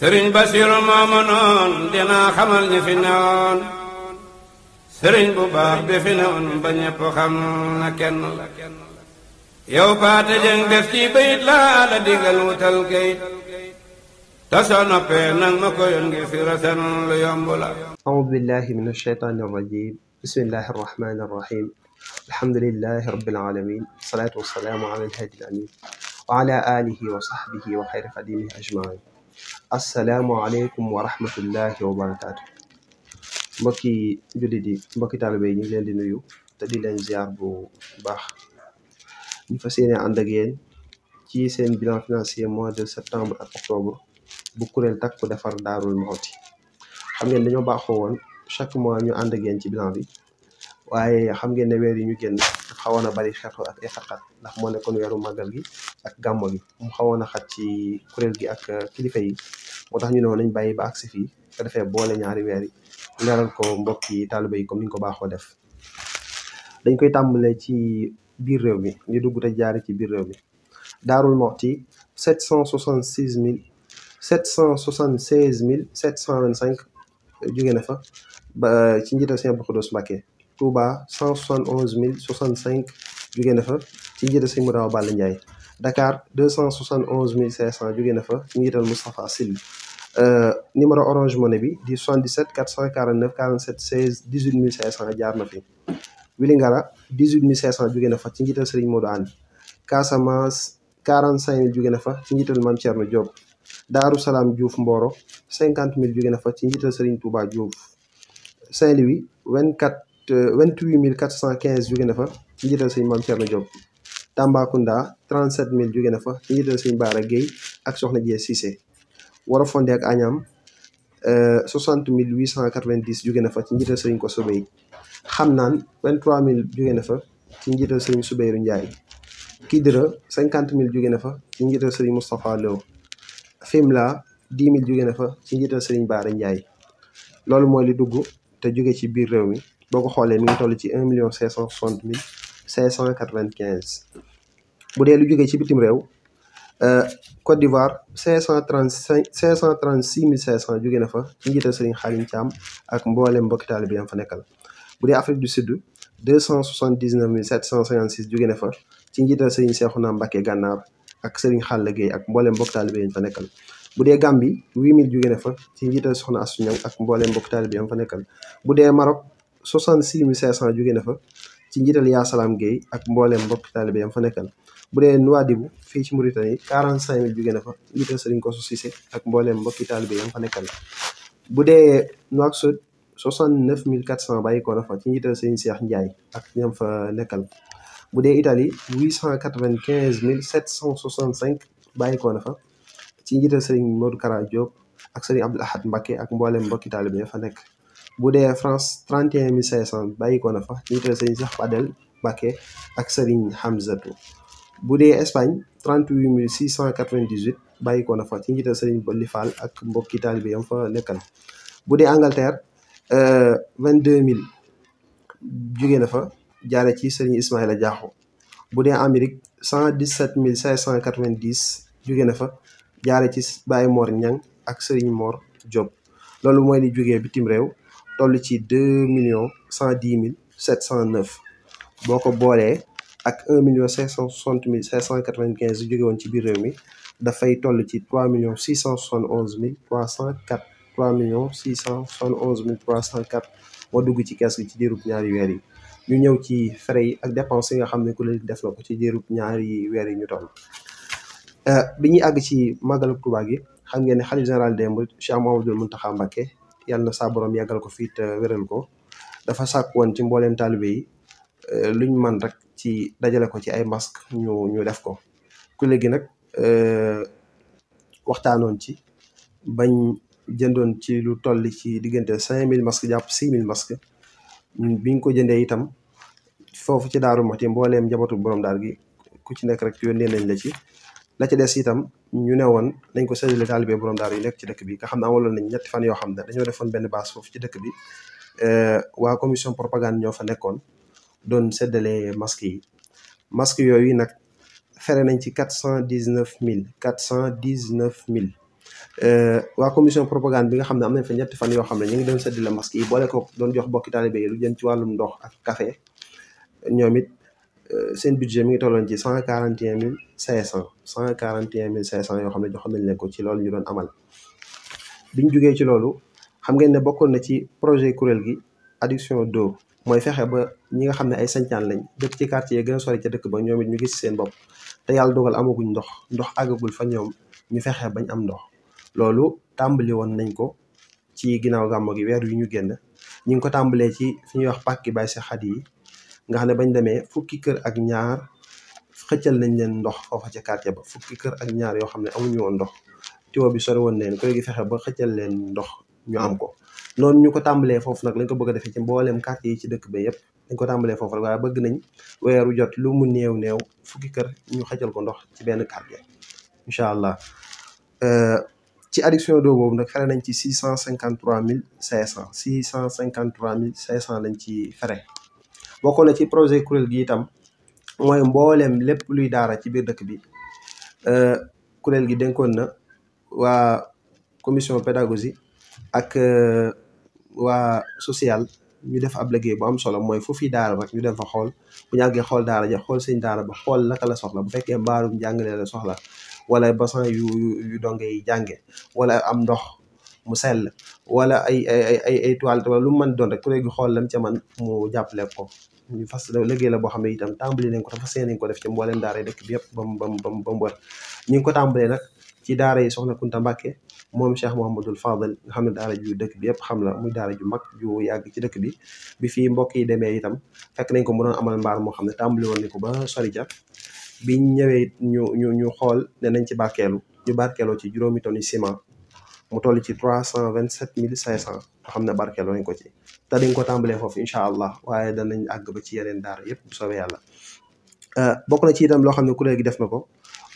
sëriñ Basiru moomu noon dinaa xamal ñi fi bu baax bi fi newoon ba ñépp na kenn la yow paate jëng def laa la digal wutal kayit tasoo noppee nag ma ko yoon ngi fi rasen lu yomb la audu billahi min alsheytaani arrajim bismillahi arrahmani arrahim alhamdulilahi rabbil alamin wasalaatu wasalaamu ala alhaadi alamin wa ala alihi wa sahbihi wa xayri xadimihi ajmain asalaamualeykum wa rahmatullahi wa barakaatu mbokki jullit yi mbokki taalibe yi ñu ngi leen di nuyu te di leen ziar bu baax ñu fas yéene ànd ak yéen ci seen bilan financier mois de septembre ak octobre bu tak takku defar daarul Muxti xam ngeen dañoo baaxoo woon chaque mois ñu ànd ak ci bilan bi waaye xam ngeen ne weer yi ñu génn xawoon a bari xeetu ak ay xat ndax moo nekkoon weeru màggal gi ak gàmmo gi mu xawoon a xat ci kuréel gi ak uh, kilifa yi moo tax ñu ne woon bàyyi ba agsi fii boole ñaari weer yi leeral ko mbokk yi taaliba yi comme ni ñu ko baaxoo def dañ koy tàmbalee ci biir réew mi ñu dugg te jaar ci biir réew mi Daarul Moxti sept cent soixante six mille sept cent soixante seize mille sept cent vingt cinq uh, jóge na fa ba uh, ci njiital Sëñ Abdou Khoudoss Mbacké Touba cent soixante mille soixante cinq jóge fa ci njiital Sëñ Mourtada Balla Dakar deux cent soixante onze mille cinq cent jóge na fa ci njiital Moustapha Syll euh, numéro Orange ne bi di 77 449 47 16 18 mille cinq cent jaar na fi Vélingara dix huit mille cinq a jóge na fa ci njiital Serigne Modou Anne Casamance quarante cinq na fa ci njiital Mame Thierno Diop Daaru Salaam Diouf Mboro cinquante mille jóge na fa ci njiital Serigne Touba Diouf Saint-Louis vingt quatre euh, vingt huit mille quatre cent quinze jóge na fa ci njiital Serigne Mame Thierno Tambacounda 37000 jóge na fa ci njiital Sëñ Baara Guèye ak Soxna Jee Cissé Warafonde ak Agnam 60890 euh, jóge na fa ci njiital Sëñ ko Sobey xam naan 23000 jóge na fa ci njiital Sëñ Soubeyru Ndiaye Kidira 50000 jóge na fa ci njiital Sëñ Moustapha Lo Fimela 10000 jóge na fa ci njiital Sëñ Baara Ndiaye loolu mooy li dugg te jóge ci biir réew mi boo ko xoolee mi ngi ci 1 million 560 mille cinq cent quatre-vingt-quinze bu dee lu jógee ci bitim réew euh, Côte d'Ivoire cinq cent trente-cinq cinq cent trente-six mille cinq cent jóge na fa ci njiital Serigne Khadim ak mboolem mbokki taalibe yam fa nekkal bu dee Afrique du Sud deux cent soixante-dix-neuf mille sept cent cinquante-six jóge na fa ci njiital Serigne Cheikhouna Mbacké Gànnaar ak Serigne Xalla Gueye ak mboolem mbokki fa nekkal bu dee Gambie huit mille jóge na fa ci njiital Soxna Astu Ñaŋ ak mboolem mbokki taalibe yam fa nekkal bu dee Maroc soixante-six mille cinq cent jóge na fa ci njiital yaa salaam Guèye ak mbooleem mbokki taalibe yam fa nekkal bu dee Nouadhibou fii ci Mauritanie quarante cinq mille jóge na fa njiital Serigne Kosso Cissé ak mbooleem mbokki taalibe yam fa bu dee Nouakchott soixante neuf mille quatre cent bàyyi ko fa ci njiital Serigne Cheikh Ndiaye ak ñam fa nekkal bu dee Italie huit cent quatre vingt quinze mille sept cent soixante cinq bàyyi na fa ci njiital Serigne Modou Kara Diop ak Serigne Abdoul Ahad ak mbooleem mbokki taalibe ya fa nekk bu dee France trente et un na fa njiital sëriñ Cheikh Fadel bake ak sëriñ Hamzatou bu dee Espagne trente huit mille six cent quatre vingt dix huit bàyyi ko na fa ci njiital sëriñ Bolli Fall ak mbokki taalibe yam fa nekkal bu dee Angleterre euh, vingt deux mille jóge na fa jaare ci sëriñ Ismaïla Diakho bu dee Amérique cent dix sept mille cinq cent quatre vingt dix jóge na fa jaare ci Baye Mor Niang ak sëriñ Mor Diop loolu mooy li jógee bitim réew. toll ci deux millions cent dix mille sept cent neuf boo ko boolee ak un million cinq cent soixante mille cinq cent quatre vingt quinze yu ci biir réew mi dafay toll ci trois millions six cent soixante onze mille trois cent quatre trois millions six cent soixante onze mille trois cent quatre moo dugg ci kees gi ci diirub ñaari weer yi ñu ñëw ci frais yi ak dépenses yi nga xam ne kuréel def na ko ci diirub ñaari weer yi ñu toll euh, bi ñuy àgg ci màggalu Tuubaa gi xam ngeen ne xalif général des mourides Cheikh Mouhamadoul yàlla na saa borom yàggal ko fiit te wéral ko dafa sàkk woon ci mbooleem taalibe yi eh, luñ man rek ci dajale ko ci ay masque ñu ñu def ko ku gi nag eh, waxtaanoon ci bañ jëndoon ci lu toll ci diggante cinq mille masques jàpp six mille masques biñ ko jëndee itam foofu ci daaru Muxti mbooleem njabootu borom daal gi ku ci nekk rek yónnee nañ la ci la ci des itam ñu ne woon nañ ko séddale taalibe borom daal yu nekk ci dëkk bi nga xam ne amaloon nañ ñetti fan yoo xam ne dañoo defoon benn base foofu ci dëkk bi euh, waa ñoo fa nekkoon doon séddale masque yi masque yooyu nag fere nañ ci quatre cent dix neuf mille quatre cent dix neuf mille euh, waa commission propagande bi nga xam ne am nañ fa ñetti fan yoo xam ne ñu ngi doon séddale masque yi boole ko doon jox bokki taalibe yi lu jëm ci wàllum ndox ak café ñoom it Euh, seen budget mi ngi tolloon ci cent quarante et un mille cent cent quarante et un mille cinq cent yoo xam ne joxoon nañ leen ko ci loolu ñu doon amal biñ jugee ci loolu xam ngeen ne bokkoon na ci projet kuréel gi adduction doo mooy fexe ba ñi nga xam ne ay sañcaan lañ dëkk ci quartier yi gën a sori ca dëkk ba ñoom it ñu gis seen bopp te yàlla dogal amaguñ ndox ndox àggagul fa ñoom ñu fexe bañ am ndox loolu tàmbali woon nañ ko ci ginnaaw gàmmu gi weer yu ñu génn ñu ngi ko tàmbalee ci fi ñuy wax pàkki Baay Seex Xadi yi nga xam ne bañ demee fukki kër ak ñaar xëccal nañ leen ndox foofa ca quartier ba fukki kër ak ñaar yoo xam ne amuñu woon ndox tiwo bi sori woon leen kuréel fexe ba xëccal leen ndox ñu am ko noonu ñu ko tàmbalee foofu nag lañ ko bëgg a defee ci mbooleem quartier yi ci dëkk ba yëpp dañ ko tàmbalee foofu rek waaye bëgg nañ weeru jot lu mu néew néew fukki kër ñu xëccal ko ndox ci benn quartier incha allah euh, ci adduction d'eau boobu nag fere nañ ci six cent cinquante trois mille cinq cent six lañ ci fere bokk na ci projet kuréel gi itam mooy mbooleem lépp luy daara ci biir dëkk bi euh, kuréel gi dénkoon na waa commission pédagogie ak euh, waa social ñu def ab liggéey bu am solo mooy fu fi daara rek ñu dem fa xool bu ñu daara ja xool seen daara ba xool naka la soxla bu fekkee mbaarum jàngale la soxla wala basan yu yu donge yi jànge wala am ndox mu sell wala ay ay ay ay toilette wala lu mu mën doon rek kuréel gi xool la ca man mu jàppale ko ñu fas liggéey la boo xam ne itam tàmbali nañ ko te fas yéene nañ ko def ci mbooleem daara dëkk bi yëpp bam bam ba mu wër ñu ngi ko tàmbalee nag ci daara yi soxna Kunta Mbàkke moom Cheikh Mouhamadul Fadal nga xam ne daara ju dëkk bi yëpp xam la muy daara ju mag ju yàgg ci dëkk bi bi fii mbokk yi demee itam fekk nañ ko mu amal mbaar moo xam ne tàmbali woon nañ ko ba sori ja biñ ñëwee ñu ñu ñu xool ne nañ ci barkeelu ñu baar barkeeloo ci juróomi tonni ciment mu toll ci trois cent vingt sept mille cinq cent xam ne barkeeloo nañ ko ci te dañ ko tàmbalee foofu incha allah waaye danañ àgg ba ci yeneen daara yëpp bu soobee yàlla euh, bokk na ci itam loo xam ne kuréel gi def na ko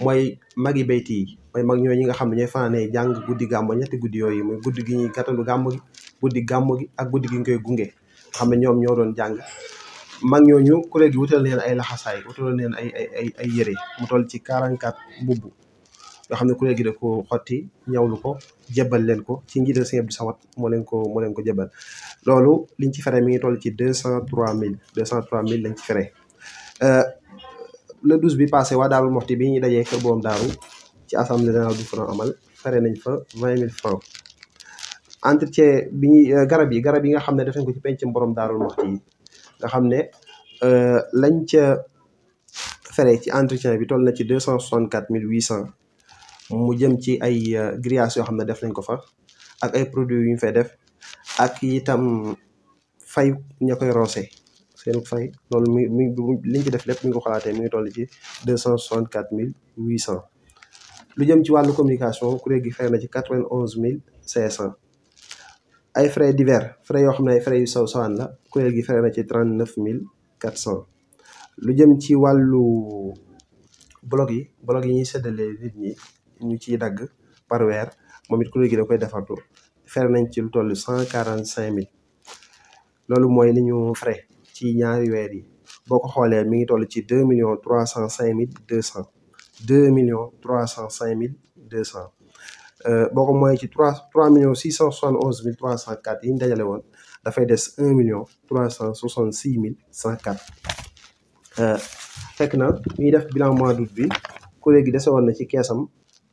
mooy magi bayti yi mooy mag ñoo ñi nga xam ne ñooy fanaanee jàng guddi gàmmo ñetti guddi yooyu mooy guddi gi ñuy gàttandu gi guddi gàmmo gi ak guddi gi koy gunge xam ne ñoom ñoo doon jàng mag ñooñu kuréel gi wutal leen ay laxasaay wutal leen ay ay ay yëre mu toll ci quarante quatre mbubb nga xam ne ku gi da ko xotti ñawlu ko jébal leen ko ci njiital sëñ Abdou Samad moo leen ko moo leen ko jébal loolu liñ ci fere mi ngi toll ci deux cent trois mille deux cent trois lañ ci fere euh, le douze bi passé waa Daaru Moxti bi ñuy dajee kër borom daaru ci assemblée générale du front amal fere nañ fa vingt mille francs entretien bi euh, garab yi garab yi nga xam ne def nañ ko ci pencum mboroom daal Moxti yi nga xam ne euh, lañ ca fere ci entretien bi toll na ci deux cent soixante quatre mille huit cent mu jëm ci ay euh, grillage yoo xam ne def nañ ko fa ak ay produits yu ñu fay def ak itam fay ña koy roose seen fay loolu mu mi liñ ci def lépp mi ngi ko xalaatee mi ngi toll ci deux cent soixante quatre mille huit cent lu jëm ci wàllu communication kuréel gi fay na ci quatre vingt onze mille cinq cent ay frais divers frais yoo xam ne ay frais yu saw sawaan la kuréel gi fay na ci trente neuf mille quatre cent lu jëm ci wàllu blog yi blog yi ñuy seddalee nit ñi ñu ciy dagg par weer moom it kuréel gi da koy defartu fere nañ ci lu toll cent quarante cinq mille loolu mooy li ñu frais ci ñaari weer yi boo ko xoolee mi ngi toll ci deux millions trois cent cinq mille deux cent deux millions trois cent cinq mille deux cent euh, boo ko mooyee ci trois trois millions six cent soixante onze mille trois cent quatre yi ñu dajale woon dafay des un million trois cent soixante six mille cent quatre euh, fekk na mi ngi def bilan mois d'août bi kuréel gi dese woon na ci keesam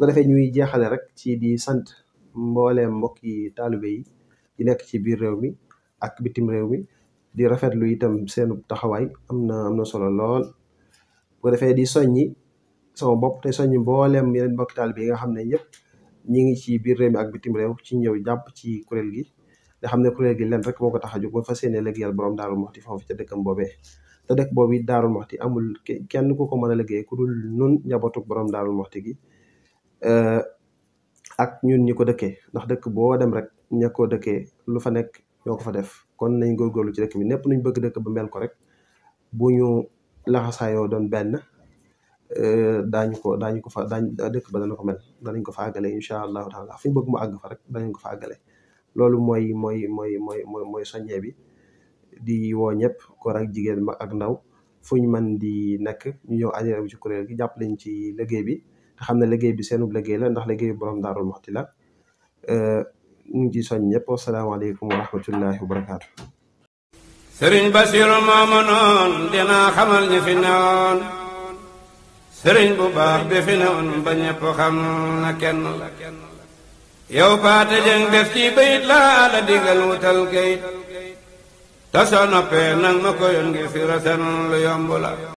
bu ko defee ñuy jeexale rek ci di sant mbooleem mbokk yi taalibe yi di nekk ci biir réew mi ak bitim réew mi di rafetlu itam seen taxawaay am na am na solo lool boo ko defee di soññi sama bopp te soññi mbooleem yeneen mbokki taalibe yi nga xam ne ñëpp ñi ngi ci biir réew mi ak bitim réew ci ñëw jàpp ci kuréel gi nga xam ne kuréel gi leen rek moo ko tax a jóg ba fas yéene liggéeyal borom daarul maxti foofu ca dëkkam boobee te dëkk boobu it daarul maxti amul kenn ku ko mën a liggéey ku dul nun njabootu borom daarul maxti gi Euh, ak ñun ñi ko dëkkee ndax dëkk boo dem rek ña ko dëkkee lu fa nekk ñoo ko fa def kon nañ góorgóorlu ci dëkk bi népp nuñ bëgg dëkk ba mel ko rek bu ñu laxasaayoo doon benn euh, daañu ko daañu ko fa daañ dëkk ba dana ko mel danañ ko fa àggale incha allahu taala fu ñu bëgg mu àgg fa rek danañ ko fa àggale loolu mooy mooy mooy mooy mooy mooy soññee bi di woo ñëpp góor ak jigéen mag ak ndaw fu ñu mën di nekk ñu ñëw adhéré ci kuréel gi jàpp lañ ci liggéey bi xam na liggéey bi seenub liggéey la ndax liggéeyu borom daarul moxti la ñu ngi ci soñ ñëpp wasalaamaaleykum wa rahmatullahi wa barakaatu sëriñ Basiru moomu noon dinaa xamal ñi fi newoon sëriñ bu baax bi fi newoon ba ñëpp xam na kenn la yow paate jëng def ci bayit laa la digal wutal kayit te soo noppee nang ma ko yoon fi rasen lu yomb la